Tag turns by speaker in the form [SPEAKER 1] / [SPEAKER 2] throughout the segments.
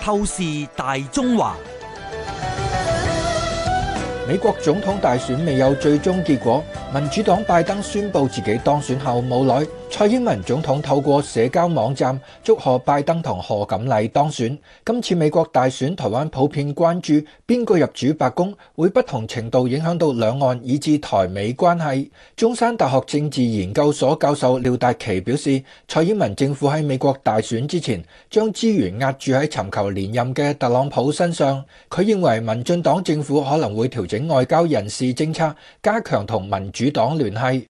[SPEAKER 1] 透視大中華，美國總統大選未有最終結果，民主黨拜登宣布自己當選後冇耐。蔡英文總統透過社交網站祝賀拜登同賀錦麗當選。今次美國大選，台灣普遍關注邊個入主白宮會不同程度影響到兩岸以至台美關係。中山大學政治研究所教授廖達琪表示，蔡英文政府喺美國大選之前將資源押注喺尋求連任嘅特朗普身上。佢認為民進黨政府可能會調整外交人事政策，加強同民主黨聯繫。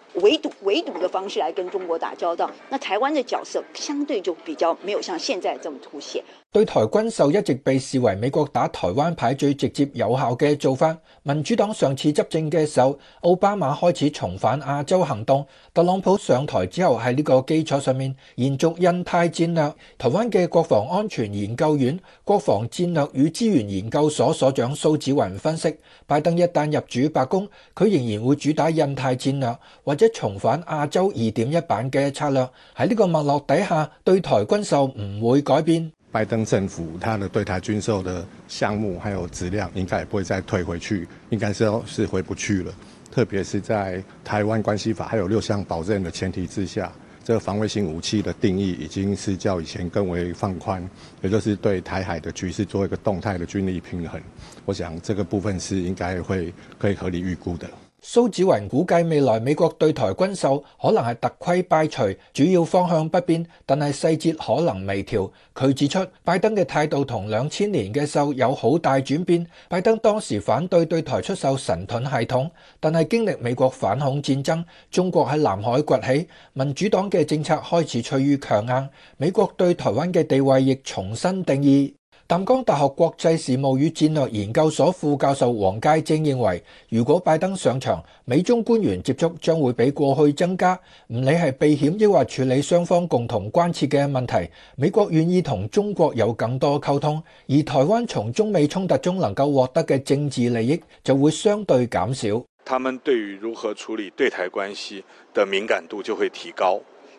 [SPEAKER 2] 圍堵圍堵嘅方式嚟跟中國打交道，那台灣嘅角色相對就比較沒有像現在這麼凸顯。
[SPEAKER 1] 對台軍售一直被視為美國打台灣牌最直接有效嘅做法。民主黨上次執政嘅時候，奧巴馬開始重返亞洲行動；特朗普上台之後喺呢個基礎上面延續印太戰略。台灣嘅國防安全研究院國防戰略與資源研究所所長蘇子雲分析，拜登一旦入主白宮，佢仍然會主打印太戰略，或即重返亞洲二點一版嘅策略，喺呢個脈絡底下，對台軍售唔會改變。拜登政府，他的對台軍售的項目還有質量，應該不會再退回去，應該是是回不去了。特別是在台灣關係法還有六項保證的前提之下，這個防衛性武器的定義已經是較以前更為放寬，也就是對台海的局勢做一個動態的軍力平衡。我想這個部分是應該會可以合理預估的。蘇子雲估計未來美國對台軍售可能係特規拜除，主要方向不變，但係細節可能微調。佢指出，拜登嘅態度同兩千年嘅售有好大轉變。拜登當時反對對台出售神盾系統，但係經歷美國反恐戰爭、中國喺南海崛起，民主黨嘅政策開始趨於強硬，美國對台灣嘅地位亦重新定義。淡江大學國際事務與戰略研究所副教授黃佳晶認為，如果拜登上場，美中官員接觸將會比過去增加，唔理係避險抑或處理雙方共同關切嘅問題，美國願意同中國有更多溝通，而台灣從中美衝突中能夠獲得嘅政治利益就會相對減少。他們對於如何處理對台關係嘅敏感度就會提高，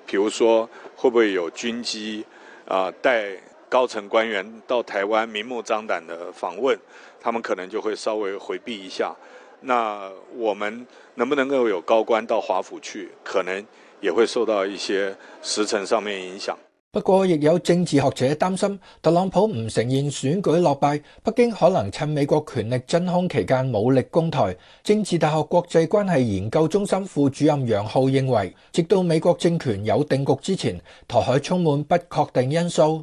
[SPEAKER 1] 譬如說會不會有軍機啊帶？高層官員到台灣明目張膽的訪問，他們可能就會稍微回避一下。那我們能不能夠有高官到華府去，可能也會受到一些時程上面影響。不過，亦有政治學者擔心，特朗普唔承認選舉落敗，北京可能趁美國權力真空期間武力攻台。政治大學國際關係研究中心副主任楊浩認為，直到美國政權有定局之前，台海充滿不確定因素。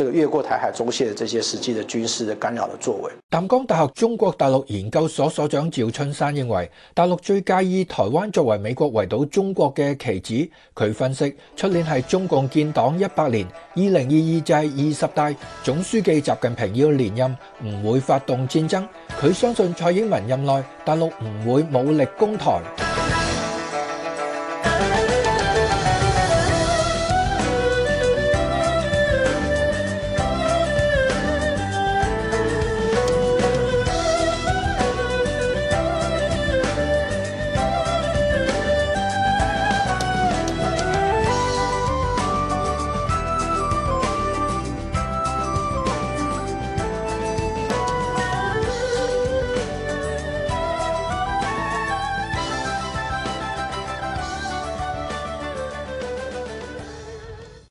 [SPEAKER 1] 這個越過台海中線的這些實際的軍事的干擾的作為，淡江大學中國大陸研究所所長趙春山認為，大陸最介意台灣作為美國圍堵中國嘅棋子。佢分析，出年係中共建黨一百年，二零二二制二十大總書記習近平要連任，唔會發動戰爭。佢相信蔡英文任內，大陸唔會武力攻台。